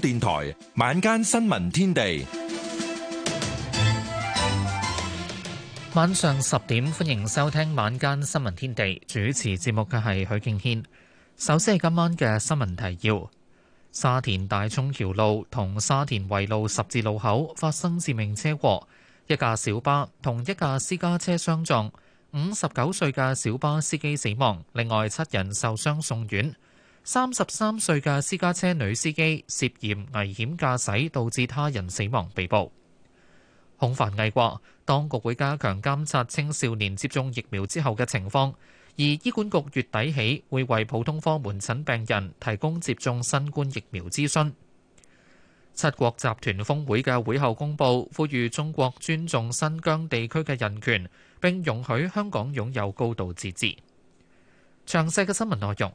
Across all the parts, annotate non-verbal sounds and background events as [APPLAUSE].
電台晚間新聞天地，晚上十點，歡迎收聽晚間新聞天地。主持節目嘅係許敬軒。首先係今晚嘅新聞提要：沙田大涌橋路同沙田圍路十字路口發生致命車禍，一架小巴同一架私家車相撞，五十九歲嘅小巴司機死亡，另外七人受傷送院。三十三歲嘅私家車女司機涉嫌危險駕駛，導致他人死亡，被捕。孔繁毅話，當局會加強監察青少年接種疫苗之後嘅情況，而醫管局月底起會為普通科門診病人提供接種新冠疫苗諮詢。七國集團峰會嘅會後公布呼籲中國尊重新疆地區嘅人權，並容許香港擁有高度自治。詳細嘅新聞內容。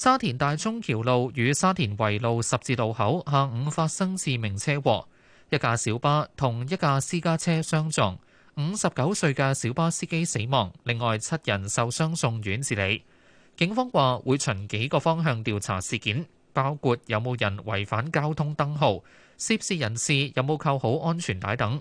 沙田大涌橋路與沙田圍路十字路口下午發生致命車禍，一架小巴同一架私家車相撞，五十九歲嘅小巴司機死亡，另外七人受傷送院治理。警方話會循幾個方向調查事件，包括有冇人違反交通燈號、涉事人士有冇扣好安全帶等。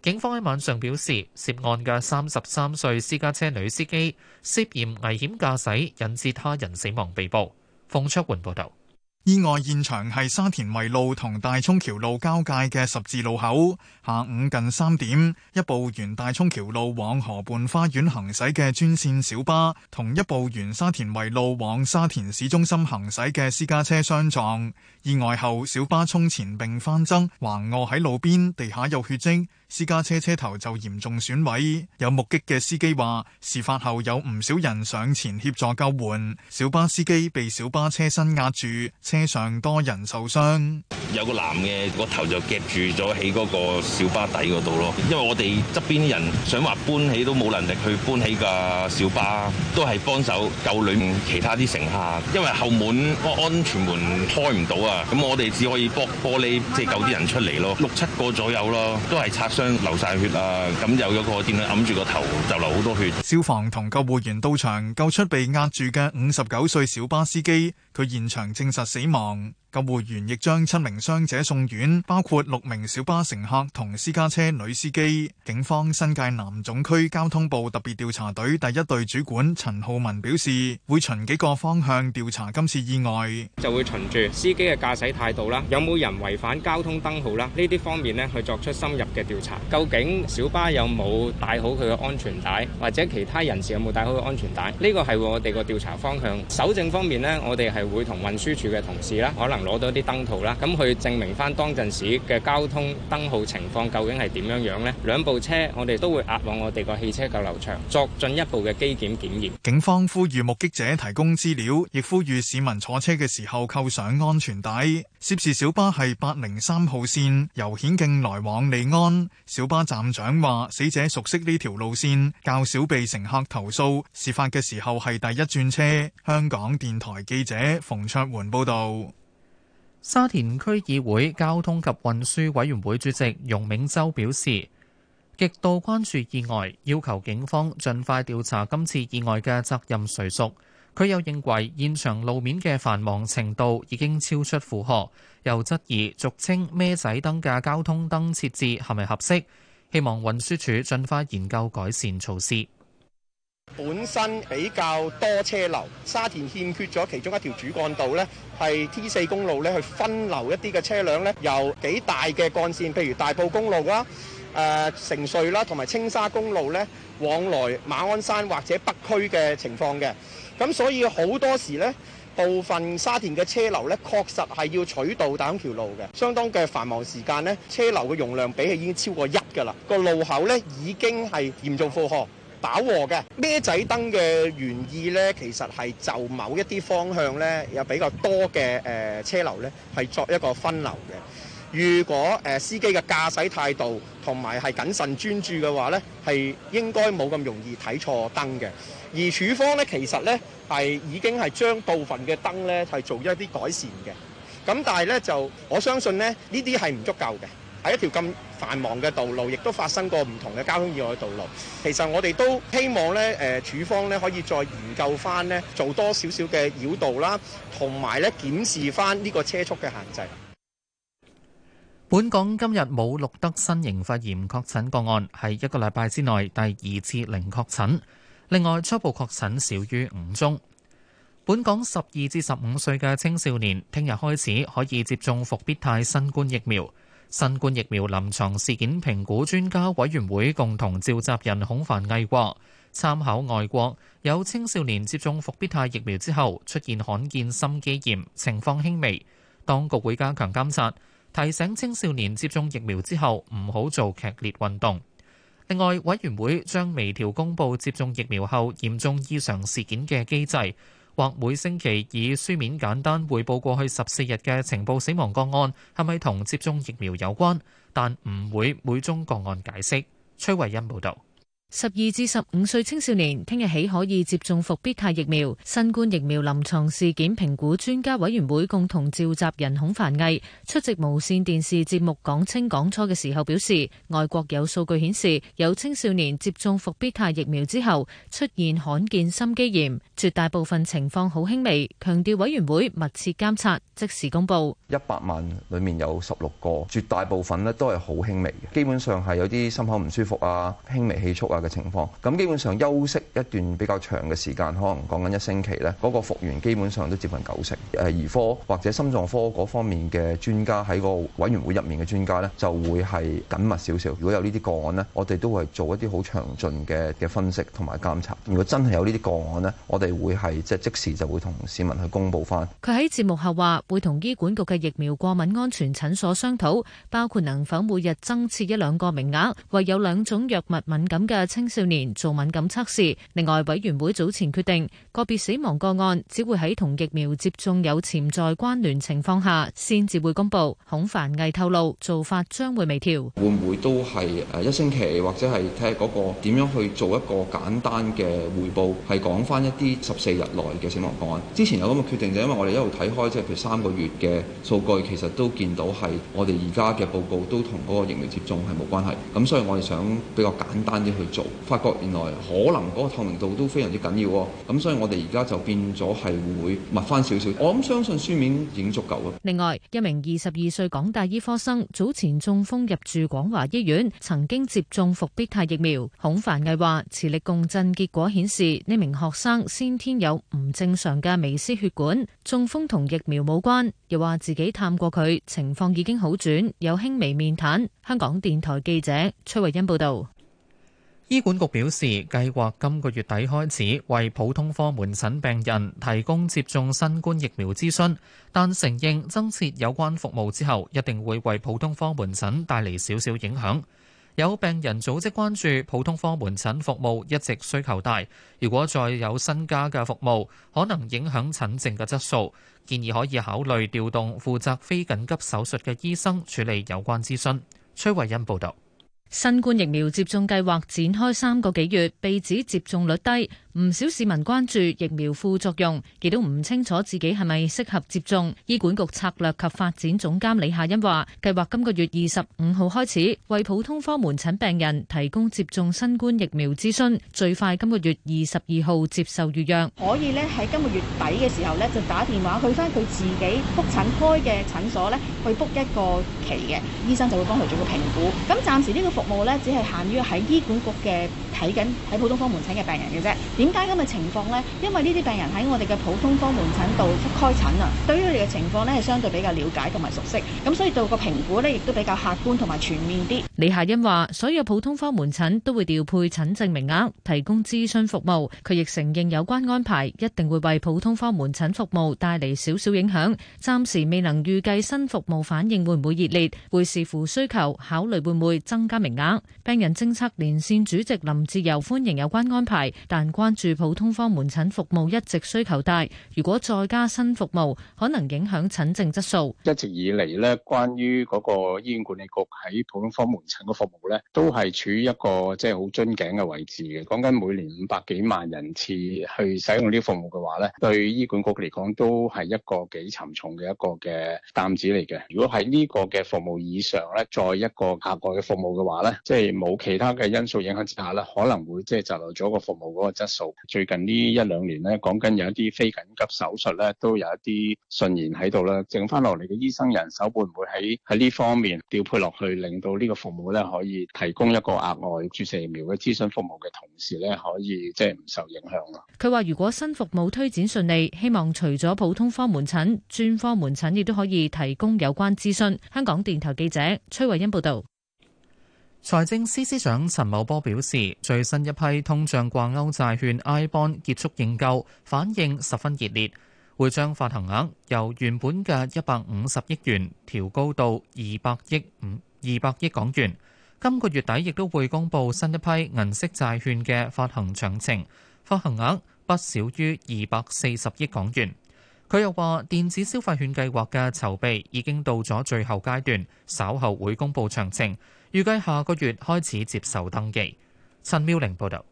警方喺晚上表示，涉案嘅三十三歲私家車女司機涉嫌危險駕駛，引致他人死亡被捕。方卓云報道，意外現場係沙田圍路同大涌橋路交界嘅十字路口。下午近三點，一部沿大涌橋路往河畔花園行駛嘅專線小巴，同一部沿沙田圍路往沙田市中心行駛嘅私家車相撞。意外後，小巴衝前並翻側，橫卧喺路邊，地下有血迹。私家車車頭就嚴重損毀，有目擊嘅司機話，事發後有唔少人上前協助救援。小巴司機被小巴車身壓住，車上多人受傷。有個男嘅個頭就夾住咗喺嗰個小巴底嗰度咯，因為我哋側邊啲人想話搬起都冇能力去搬起架小巴，都係幫手救裏面其他啲乘客。因為後門個安全門開唔到啊，咁我哋只可以剝玻璃即係、就是、救啲人出嚟咯，六七個左右咯，都係拆。傷流晒血啊！咁有個電梯揞住個頭，就流好多血。消防同救護員到場，救出被壓住嘅五十九歲小巴司機。佢現場證實死亡，救護員亦將七名傷者送院，包括六名小巴乘客同私家車女司機。警方新界南總區交通部特別調查隊第一隊主管陳浩文表示，會循幾個方向調查今次意外，就會循住司機嘅駕駛態度啦，有冇人違反交通燈號啦，呢啲方面呢，去作出深入嘅調查。究竟小巴有冇帶好佢嘅安全帶，或者其他人士有冇帶好佢安全帶？呢個係我哋個調查方向。搜證方面呢，我哋係。會同運輸署嘅同事啦，可能攞到啲燈圖啦，咁去證明翻當陣時嘅交通燈號情況究竟係點樣樣呢？兩部車我哋都會押往我哋個汽車夾流場作進一步嘅機檢檢驗。警方呼籲目擊者提供資料，亦呼籲市民坐車嘅時候扣上安全帶。涉事小巴係八零三號線，由顯徑來往利安。小巴站長話：死者熟悉呢條路線，較少被乘客投訴。事發嘅時候係第一轉車。香港電台記者。馮卓桓報道，沙田區議會交通及運輸委員會主席容銘洲表示，極度關注意外，要求警方盡快調查今次意外嘅責任誰屬。佢又認為現場路面嘅繁忙程度已經超出負荷，又質疑俗稱咩仔燈嘅交通燈設置係咪合適，希望運輸署盡快研究改善措施。本身比較多車流，沙田欠缺咗其中一條主幹道咧，係 T4 公路咧去分流一啲嘅車輛咧，由幾大嘅幹線，譬如大埔公路啦、啊、誒、呃、城隧啦、啊，同埋青沙公路咧往來馬鞍山或者北區嘅情況嘅。咁所以好多時咧，部分沙田嘅車流咧，確實係要取道大涌橋路嘅，相當嘅繁忙時間咧，車流嘅容量比起已經超過一噶啦，個路口咧已經係嚴重負荷。飽和嘅孭仔燈嘅原意呢，其實係就某一啲方向呢，有比較多嘅誒車流呢，係作一個分流嘅。如果誒司機嘅駕駛態度同埋係謹慎專注嘅話呢，係應該冇咁容易睇錯燈嘅。而署方呢，其實呢，係已經係將部分嘅燈呢，係做咗一啲改善嘅。咁但係呢，就我相信呢，呢啲係唔足夠嘅。喺一條咁繁忙嘅道路，亦都發生過唔同嘅交通意外。道路其實我哋都希望咧，誒處方咧可以再研究翻咧，做多少少嘅繞道啦，同埋咧檢視翻呢個車速嘅限制。本港今日冇錄得新型肺炎確診個案，係一個禮拜之內第二次零確診。另外初步確診少於五宗。本港十二至十五歲嘅青少年，聽日開始可以接種復必泰新冠疫苗。新冠疫苗臨床事件評估專家委員會共同召集人孔凡毅話，參考外國有青少年接種復必泰疫苗之後出現罕見心肌炎，情況輕微，當局會加強監察，提醒青少年接種疫苗之後唔好做劇烈運動，另外，委員會將微調公布接種疫苗後嚴重異常事件嘅機制。或每星期以書面簡單匯報過去十四日嘅情報死亡個案係咪同接種疫苗有關，但唔會每宗個案解釋，崔慧欣報道。十二至十五歲青少年聽日起可以接種復必泰疫苗。新冠疫苗臨床事件評估專家委員會共同召集人孔繁毅出席無線電視節目講清講楚嘅時候表示，外國有數據顯示有青少年接種復必泰疫苗之後出現罕見心肌炎，絕大部分情況好輕微。強調委員會密切監察，即時公布。一百萬裏面有十六個，絕大部分呢都係好輕微嘅，基本上係有啲心口唔舒服啊，輕微氣促啊。嘅情況，咁基本上休息一段比較長嘅時間，可能講緊一星期咧，嗰個復原基本上都接近九成。誒兒科或者心臟科嗰方面嘅專家喺個委員會入面嘅專家咧，就會係緊密少少。如果有呢啲個案咧，我哋都會做一啲好詳盡嘅嘅分析同埋監察。如果真係有呢啲個案咧，我哋會係即係即時就會同市民去公佈翻。佢喺節目後話，會同醫管局嘅疫苗過敏安全診所商討，包括能否每日增設一兩個名額，或有兩種藥物敏感嘅青少年做敏感測試。另外，委員會早前決定，個別死亡個案只會喺同疫苗接種有潛在關聯情況下，先至會公布。孔繁毅透露，做法將會微調。會唔會都係誒一星期，或者係睇下嗰個點樣去做一個簡單嘅匯報，係講翻一啲十四日內嘅死亡個案。之前有咁嘅決定，就因為我哋一路睇開，即係譬如三個月嘅數據，其實都見到係我哋而家嘅報告都同嗰個疫苗接種係冇關係。咁所以我哋想比較簡單啲去做。發覺原來可能嗰個透明度都非常之緊要喎，咁所以我哋而家就變咗係會唔會密翻少少？我諗相信書面已經足夠嘅。另外一名二十二歲港大醫科生早前中風入住廣華醫院，曾經接種復必泰疫苗。孔凡毅話：磁力共振結果顯示呢名學生先天有唔正常嘅微絲血管中風同疫苗冇關。又話自己探過佢情況已經好轉，有輕微面癱。香港電台記者崔慧欣報導。醫管局表示，計劃今個月底開始為普通科門診病人提供接種新冠疫苗諮詢，但承認增設有關服務之後，一定會為普通科門診帶嚟少少影響。有病人組織關注普通科門診服務一直需求大，如果再有新加嘅服務，可能影響診症嘅質素。建議可以考慮調動負責非緊急手術嘅醫生處理有關諮詢。崔慧欣報道。新冠疫苗接種計劃展開三個幾月，被指接種率低，唔少市民關注疫苗副作用，亦都唔清楚自己係咪適合接種。醫管局策略及發展總監李夏欣話，計劃今個月二十五號開始為普通科門診病人提供接種新冠疫苗諮詢，最快今個月二十二號接受預約。可以咧喺今個月底嘅時候咧就打電話去翻佢自己復診開嘅診所咧去復一個期嘅，醫生就會幫佢做個評估。咁暫時呢個。服務呢只係限於喺醫管局嘅睇緊喺普通科門診嘅病人嘅啫。點解咁嘅情況呢？因為呢啲病人喺我哋嘅普通科門診度開診啊，對於佢哋嘅情況呢，係相對比較了解同埋熟悉，咁所以做個評估呢，亦都比較客觀同埋全面啲。李夏欣話，所有普通科門診都會調配診症名額，提供諮詢服務，佢亦承認有關安排一定會為普通科門診服務帶嚟少少影響，暫時未能預計新服務反應會唔會熱烈，會視乎需求考慮會唔會增加名額。名額，病人政策連線主席林志由歡迎有關安排，但關注普通科門診服務一直需求大，如果再加新服務，可能影響診症質素。一直以嚟咧，關於嗰個醫院管理局喺普通科門診嘅服務咧，都係處於一個即係好樽頸嘅位置嘅。講緊每年五百幾萬人次去使用呢啲服務嘅話咧，對醫管局嚟講都係一個幾沉重嘅一個嘅擔子嚟嘅。如果喺呢個嘅服務以上咧，再一個額外嘅服務嘅話，即係冇其他嘅因素影響之下咧，可能會即係滯留咗個服務嗰個質素。最近呢一兩年咧，講緊有一啲非緊急手術咧，都有一啲信言喺度啦。剩翻落嚟嘅醫生人手會唔會喺喺呢方面調配落去，令到呢個服務咧可以提供一個額外注射疫苗嘅諮詢服務嘅同時咧，可以即係唔受影響咯。佢話：如果新服務推展順利，希望除咗普通科門診、專科門診，亦都可以提供有關諮詢。香港電台記者崔慧欣報道。財政司司長陳茂波表示，最新一批通脹掛鈎債券 iBond 結束認購，反應十分熱烈。會將發行額由原本嘅一百五十億元調高到二百億五二百億港元。今個月底亦都會公布新一批銀色債券嘅發行詳情，發行額不少於二百四十億港元。佢又話：電子消費券計劃嘅籌備已經到咗最後階段，稍後會公布詳情，預計下個月開始接受登記。陳妙玲報道。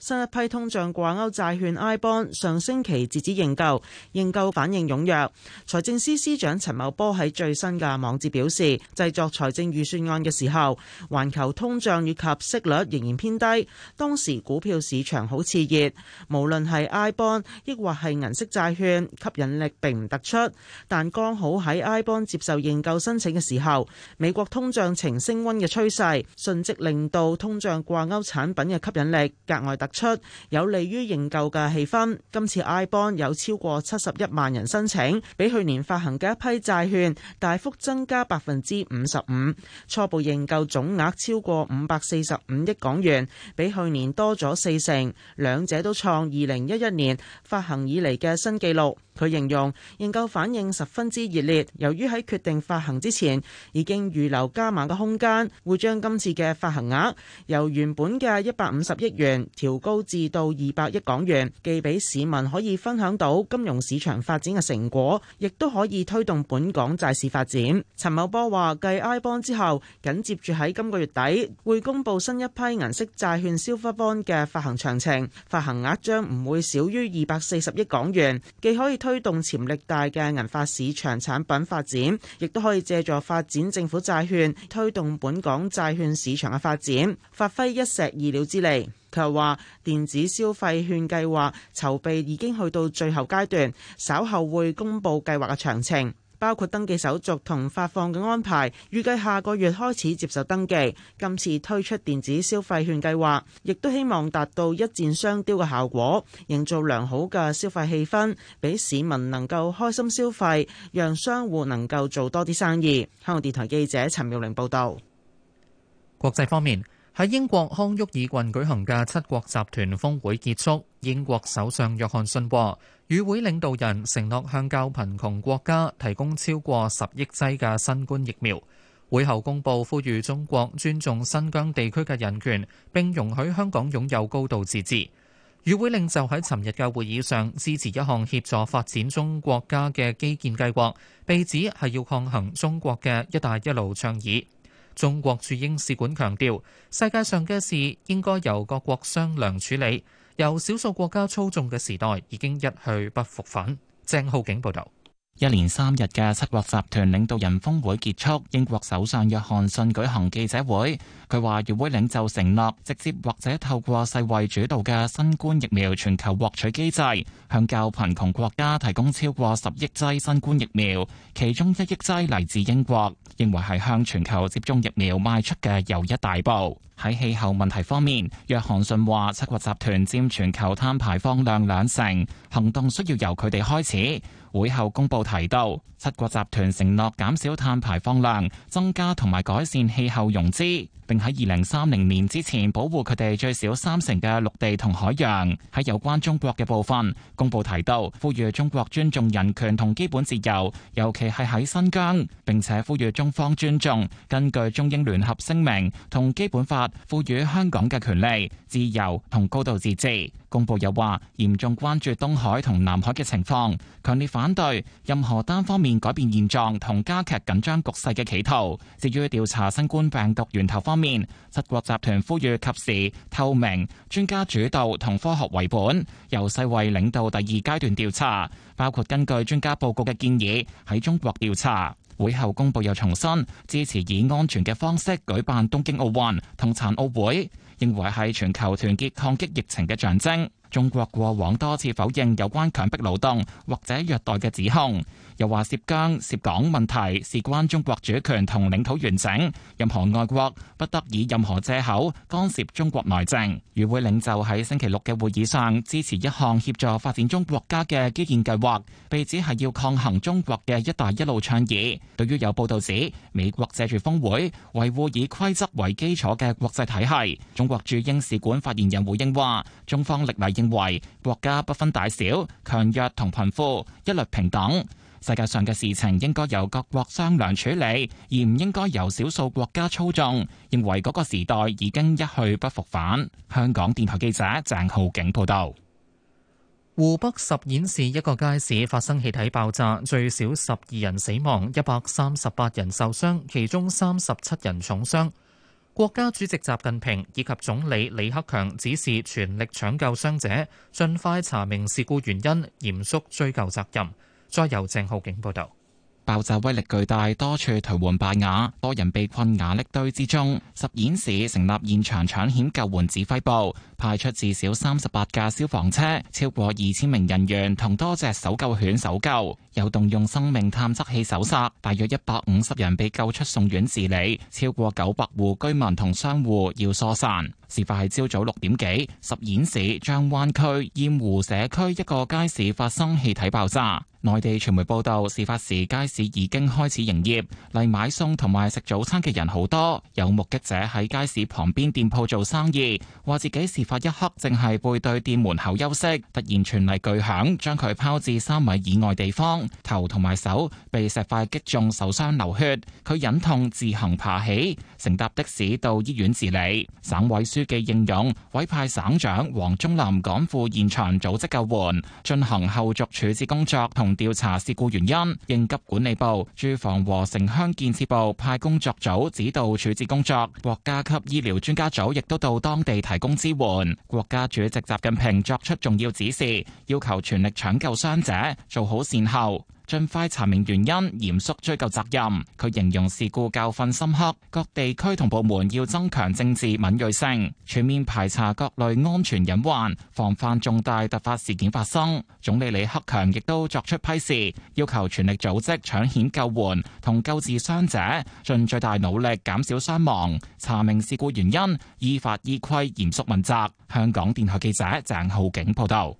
新一批通脹掛鈎債券 I bond 上星期截止認購，認購反應踴躍。財政司司長陳茂波喺最新嘅網誌表示，製作財政預算案嘅時候，環球通脹與及息率仍然偏低。當時股票市場好熾熱，無論係 I bond 亦或係銀色債券，吸引力並唔突出。但剛好喺 I bond 接受認購申請嘅時候，美國通脹呈升溫嘅趨勢，瞬即令到通脹掛鈎產品嘅吸引力格外突出。出有利於認購嘅氣氛。今次 I Bond 有超過七十一萬人申請，比去年發行嘅一批債券大幅增加百分之五十五。初步認購總額超過五百四十五億港元，比去年多咗四成，兩者都創二零一一年發行以嚟嘅新紀錄。佢形容認購反應十分之熱烈，由於喺決定發行之前已經預留加碼嘅空間，會將今次嘅發行額由原本嘅一百五十億元調高至到二百億港元，既俾市民可以分享到金融市場發展嘅成果，亦都可以推動本港債市發展。陳茂波話：繼 iBond 之後，緊接住喺今個月底會公布新一批銀色債券 Silver Bond 嘅發行詳情，發行額將唔會少於二百四十億港元，既可以推。推動潛力大嘅銀髮市場產品發展，亦都可以借助發展政府債券，推動本港債券市場嘅發展，發揮一石二鳥之利。佢又話，電子消費券計劃籌備已經去到最後階段，稍後會公布計劃嘅詳情。包括登記手續同發放嘅安排，預計下個月開始接受登記。今次推出電子消費券計劃，亦都希望達到一箭雙雕嘅效果，營造良好嘅消費氣氛，俾市民能夠開心消費，讓商戶能夠做多啲生意。香港電台記者陳妙玲報道。國際方面。喺英國康沃爾郡舉行嘅七國集團峰會結束，英國首相約翰遜話：與會領導人承諾向較貧窮國家提供超過十億劑嘅新冠疫苗。會後公佈，呼籲中國尊重新疆地區嘅人權，並容許香港擁有高度自治。與會領袖喺尋日嘅會議上支持一項協助發展中國家嘅基建計劃，被指係要抗衡中國嘅「一帶一路」倡議。中國駐英使館強調，世界上嘅事應該由各國商量處理，由少數國家操縱嘅時代已經一去不復返。鄭浩景報道。一連三日嘅七國集團領導人峰會結束，英國首相約翰遜舉行記者會，佢話與會領袖承諾直接或者透過世衛主導嘅新冠疫苗全球獲取機制，向較貧窮國家提供超過十億劑新冠疫苗，其中一億劑嚟自英國，認為係向全球接種疫苗邁出嘅又一大步。喺氣候問題方面，約翰遜話七國集團佔全球碳排放量兩成，行動需要由佢哋開始。會後公佈提到，七國集團承諾減少碳排放量，增加同埋改善氣候融資，並喺二零三零年之前保護佢哋最少三成嘅陸地同海洋。喺有關中國嘅部分，公佈提到，呼籲中國尊重人權同基本自由，尤其係喺新疆，並且呼籲中方尊重根據中英聯合聲明同基本法賦予香港嘅權利、自由同高度自治。公佈又話，嚴重關注東海同南海嘅情況，強烈反對任何單方面改變現狀同加劇緊張局勢嘅企圖。至於調查新冠病毒源頭方面，七國集團呼籲及時、透明、專家主導同科學為本，由世衛領導第二階段調查，包括根據專家報告嘅建議喺中國調查。會後公布又重申支持以安全嘅方式舉辦東京奧運同殘奧會，認為係全球團結抗擊疫情嘅象徵。中國過往多次否認有關強迫勞動或者虐待嘅指控，又話涉疆、涉港問題事關中國主權同領土完整，任何外國不得以任何借口干涉中國內政。與會領袖喺星期六嘅會議上支持一項協助發展中國家嘅基建計劃，被指係要抗衡中國嘅“一帶一路”倡議。對於有報道指美國借住峰會維護以規則為基礎嘅國際體系，中國駐英使館發言人回應話：中方歷來。認為國家不分大小、強弱同貧富，一律平等。世界上嘅事情應該由各國商量處理，而唔應該由少數國家操縱。認為嗰個時代已經一去不復返。香港電台記者鄭浩景報道：湖北十堰市一個街市發生氣體爆炸，最少十二人死亡，一百三十八人受傷，其中三十七人重傷。國家主席習近平以及總理李克強指示全力搶救傷者，盡快查明事故原因，嚴肅追究責任。再由鄭浩景報道：爆炸威力巨大，多處頹垣敗瓦，多人被困瓦礫堆之中。十堰市成立現場搶險救援指揮部。派出至少三十八架消防車，超過二千名人員同多隻搜救犬搜救，有動用生命探測器搜查，大約一百五十人被救出送院治理，超過九百戶居民同商戶要疏散。事發喺朝早六點幾，十堰市張灣區燕湖社區一個街市發生氣體爆炸。內地傳媒報道，事發時街市已經開始營業，嚟買餸同埋食早餐嘅人好多。有目擊者喺街市旁邊店鋪做生意，話自己是。法一刻正係背對店門口休息，突然傳嚟巨響，將佢拋至三米以外地方，頭同埋手被石塊擊中受傷流血，佢忍痛自行爬起。乘搭的士到醫院治理。省委書記應勇委派省長黃忠林趕赴現場組織救援，進行後續處置工作同調查事故原因。應急管理部、住房和城鄉建設部派工作組指導處置工作，國家級醫療專家組亦都到當地提供支援。國家主席習近平作出重要指示，要求全力搶救傷者，做好善後。盡快查明原因，嚴肅追究責任。佢形容事故教訓深刻，各地區同部門要增強政治敏銳性，全面排查各類安全隱患，防範重大突發事件發生。總理李克強亦都作出批示，要求全力組織搶險救援同救治傷者，盡最大努力減少傷亡，查明事故原因，依法依規嚴肅問責。香港電台記者鄭浩景報道。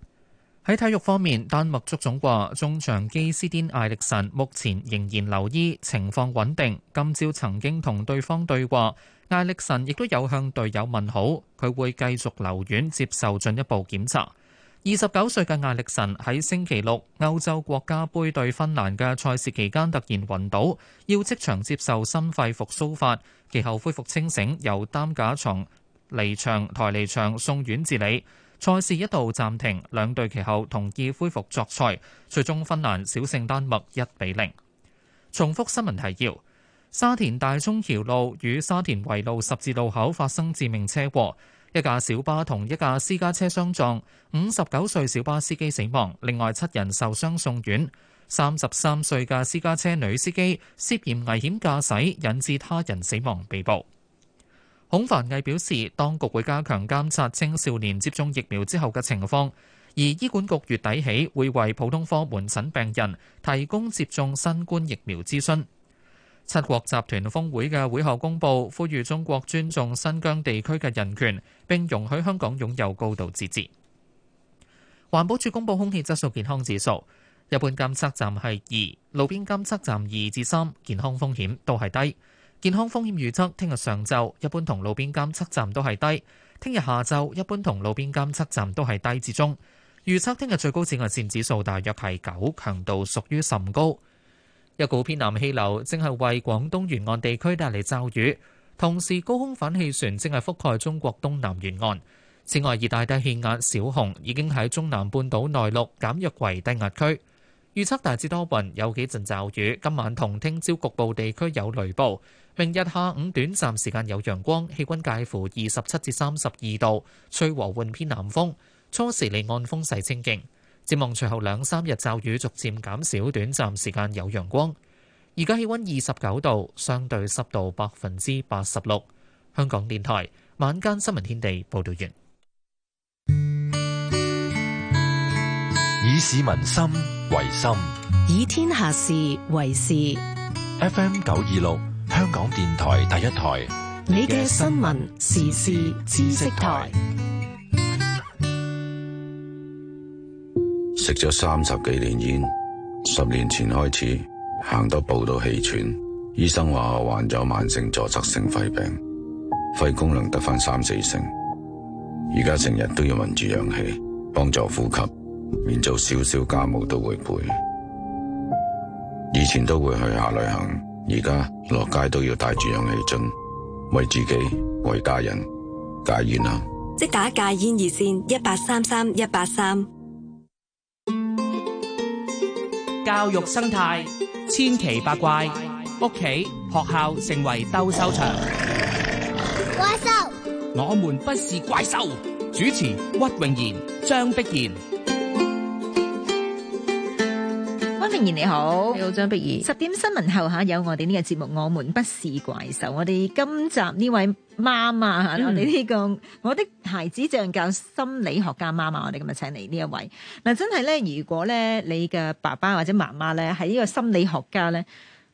喺體育方面，丹麥足總話，中場基斯甸艾力神目前仍然留醫，情況穩定。今朝曾經同對方對話，艾力神亦都有向隊友問好。佢會繼續留院接受進一步檢查。二十九歲嘅艾力神喺星期六歐洲國家杯對芬蘭嘅賽事期間突然暈倒，要即場接受心肺復甦法，其後恢復清醒，由擔架床、離場抬離場送院治理。賽事一度暫停，兩隊其後同意恢復作賽，最終芬蘭小勝丹麥一比零。重複新聞提要：沙田大涌橋路與沙田圍路十字路口發生致命車禍，一架小巴同一架私家車相撞，五十九歲小巴司機死亡，另外七人受傷送院。三十三歲嘅私家車女司機涉嫌危險駕駛，引致他人死亡，被捕。孔繁毅表示，當局會加強監察青少年接種疫苗之後嘅情況，而醫管局月底起會為普通科門診病人提供接種新冠疫苗諮詢。七國集團峰會嘅會後公佈，呼籲中國尊重新疆地區嘅人權，並容許香港擁有高度自治。環保署公布空氣質素健康指數，一般監測站係二，路邊監測站二至三，健康風險都係低。健康風險預測：聽日上晝一般同路邊監測站都係低；聽日下晝一般同路邊監測站都係低至中。預測聽日最高紫外線指數大約係九，強度屬於甚高。一股偏南氣流正係為廣東沿岸地區帶嚟驟雨，同時高空反氣旋正係覆蓋中國東南沿岸。此外，熱帶低氣壓小熊已經喺中南半島內陸減弱為低壓區。預測大致多雲，有幾陣驟雨。今晚同聽朝局，局部地區有雷暴。明日下午短暫時間有陽光，氣溫介乎二十七至三十二度，吹和緩偏南風，初時離岸風勢清勁。展望隨後兩三日驟雨逐漸減少，短暫時間有陽光。而家氣溫二十九度，相對濕度百分之八十六。香港電台晚間新聞天地報道完。以市民心為心，以天下事為事。FM 九二六，香港電台第一台，你嘅新聞時事知識台。食咗三十幾年煙，十年前開始行到步都氣喘，醫生話患咗慢性阻塞性肺病，肺功能得翻三四成，而家成日都要聞住氧氣幫助呼吸。連做少少家務都會背，以前都會去下旅行，而家落街都要帶住氧氣樽，為自己為家人戒煙啦、啊。即打戒煙熱線一八三三一八三。3, 3教育生態千奇百怪，屋企學校成為鬥獸場。怪獸，我們不是怪獸。主持屈永賢、張碧賢。明你好，你好張碧儀。十點新聞後吓有我哋呢個節目，我們不是怪獸。我哋今集呢位媽媽吓，我哋呢個我的孩子正教心理學家媽媽，我哋今日請嚟呢一位。嗱，真係咧，如果咧你嘅爸爸或者媽媽咧喺呢個心理學家咧，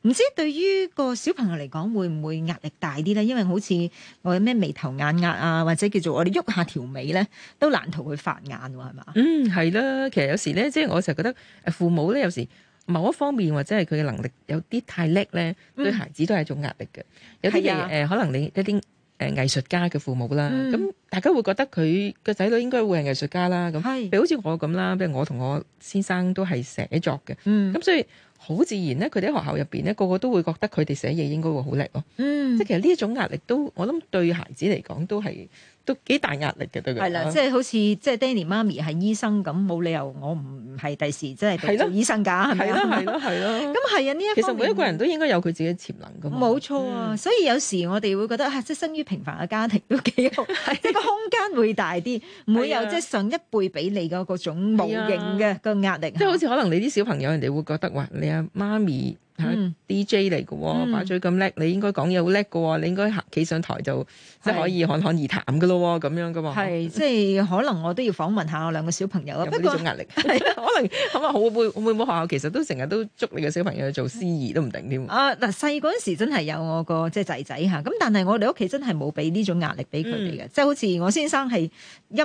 唔知對於個小朋友嚟講會唔會壓力大啲咧？因為好似我有咩眉頭眼壓啊，或者叫做我哋喐下條尾咧，都難逃佢發眼係嘛？嗯，係啦。其實有時咧，即係我就覺得誒，父母咧有時。某一方面或者係佢嘅能力有啲太叻咧，嗯、對孩子都係一種壓力嘅。有啲嘢，誒呀、呃，可能你一啲誒藝術家嘅父母啦，咁、嗯、大家會覺得佢個仔女應該會係藝術家啦。咁，比如好似我咁啦，比如是我同我先生都係寫作嘅，咁、嗯、所以。好自然咧，佢哋喺學校入邊咧，個個都會覺得佢哋寫嘢應該會好叻咯。嗯，即係其實呢一種壓力都，我諗對孩子嚟講都係都幾大壓力嘅。對佢哋，係啦，即係好似即係爹哋媽咪係醫生咁，冇理由我唔係第時即係做醫生㗎。係咪？係咯，係咯。咁係啊，呢一其實每一個人都應該有佢自己潛能嘅。冇、嗯、錯啊，所以有時我哋會覺得、啊、即係生於平凡嘅家庭都幾好， [LAUGHS] 即係個空間會大啲，唔的會有即係上一輩俾你嘅嗰種無形嘅個壓力。的的即係好似可能你啲小朋友，人哋會覺得話你媽咪。DJ 嚟嘅，把嘴咁叻，你應該講嘢好叻嘅，你應該企上台就即係可以侃侃而談嘅咯，咁樣嘅嘛。係，即係可能我都要訪問下我兩個小朋友啊。有冇呢種壓力，可能咁啊，會會唔會學校其實都成日都捉你嘅小朋友做司儀都唔定添。啊，嗱，細嗰陣時真係有我個即係仔仔吓，咁但係我哋屋企真係冇俾呢種壓力俾佢哋嘅，即係好似我先生係音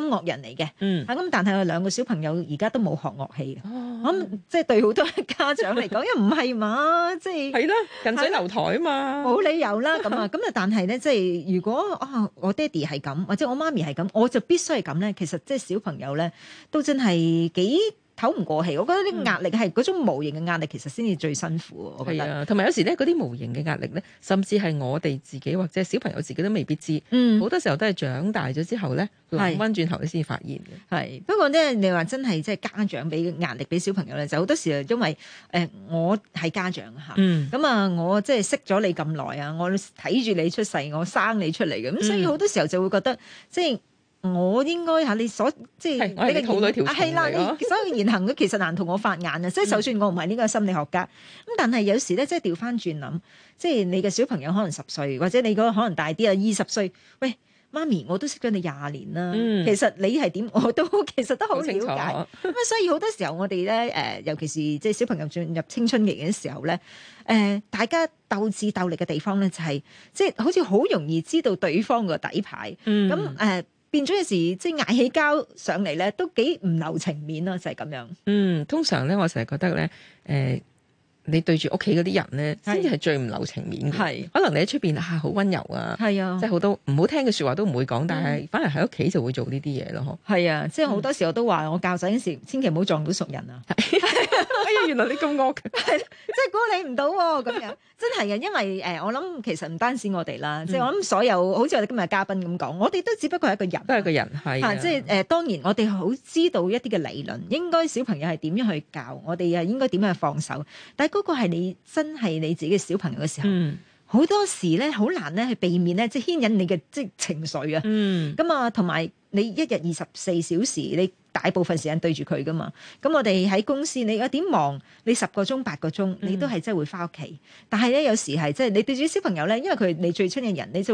樂人嚟嘅，嗯，咁但係我兩個小朋友而家都冇學樂器，哦，咁即係對好多家長嚟講，又唔係嘛。即係係啦，了近水樓台啊嘛，冇理由啦咁啊，咁啊， [LAUGHS] 但係咧，即係如果啊、哦，我爹哋係咁，或者我媽咪係咁，我就必須係咁咧。其實即係小朋友咧，都真係幾～唞唔過氣，我覺得啲壓力係嗰種無形嘅壓力，其實先至最辛苦。我覺得同埋、啊、有時咧嗰啲無形嘅壓力咧，甚至係我哋自己或者小朋友自己都未必知。好、嗯、多時候都係長大咗之後咧，返轉頭咧先發現嘅。係是是不過咧，你話真係即係家長俾壓力俾小朋友咧，就好、是、多時候因為誒、呃、我係家長嚇，咁啊、嗯嗯、我即係識咗你咁耐啊，我睇住你出世，我生你出嚟嘅，咁、嗯、所以好多時候就會覺得即係。就是我應該嚇你所即係是你嘅肚裏條蟲嚟、啊、所以言，言行嘅其實難同我發眼啊！ [LAUGHS] 即係就算我唔係呢個心理學家，咁但係有時咧，即係調翻轉諗，即係你嘅小朋友可能十歲，或者你嗰個可能大啲啊二十歲，喂媽咪，我都識咗你廿年啦、嗯，其實你係點我都其實都好了解。咁清、 [LAUGHS] 嗯、所以好多時候我哋咧誒，尤其是即係小朋友進入青春期嘅時候咧，誒、呃、大家鬥智鬥力嘅地方咧，就係、是、即係好似好容易知道對方個底牌。咁誒、嗯。嗯嗯呃變咗有時即係嗌起交上嚟咧，都幾唔留情面咯、啊，就係、是、咁樣。嗯，通常咧，我成日覺得咧，誒、呃，你對住屋企嗰啲人咧，先至係最唔留情面嘅。係是，可能你喺出邊啊，好溫柔啊，係啊，即係好多唔好聽嘅說話都唔會講，但係反而喺屋企就會做呢啲嘢咯。係啊，即係好多時我都話我教仔嗰陣時，千祈唔好撞到熟人啊。 [LAUGHS] [LAUGHS] 哎呀，原來你咁惡嘅，啊，係即係估你唔到喎，咁樣真係啊，因為誒、呃，我諗其實唔單止我哋啦，嗯、即係我諗所有，好似我哋今日嘉賓咁講，我哋都只不過係一個人，都係個人係吓，啊，即係誒、呃，當然我哋好知道一啲嘅理論，應該小朋友係點樣去教，我哋啊應該點樣放手，但係嗰個係你真係你自己嘅小朋友嘅時候。嗯好多時咧，好難咧，去避免咧，即係牽引你嘅即係情緒啊。嗯，咁啊，同埋你一日二十四小時，你大部分時間對住佢噶嘛。咁我哋喺公司，你有啲忙，你十個鐘八個鐘你都係真會翻屋企。嗯、但係咧，有時係即係你對住啲小朋友咧，因為佢你最親嘅人，你就。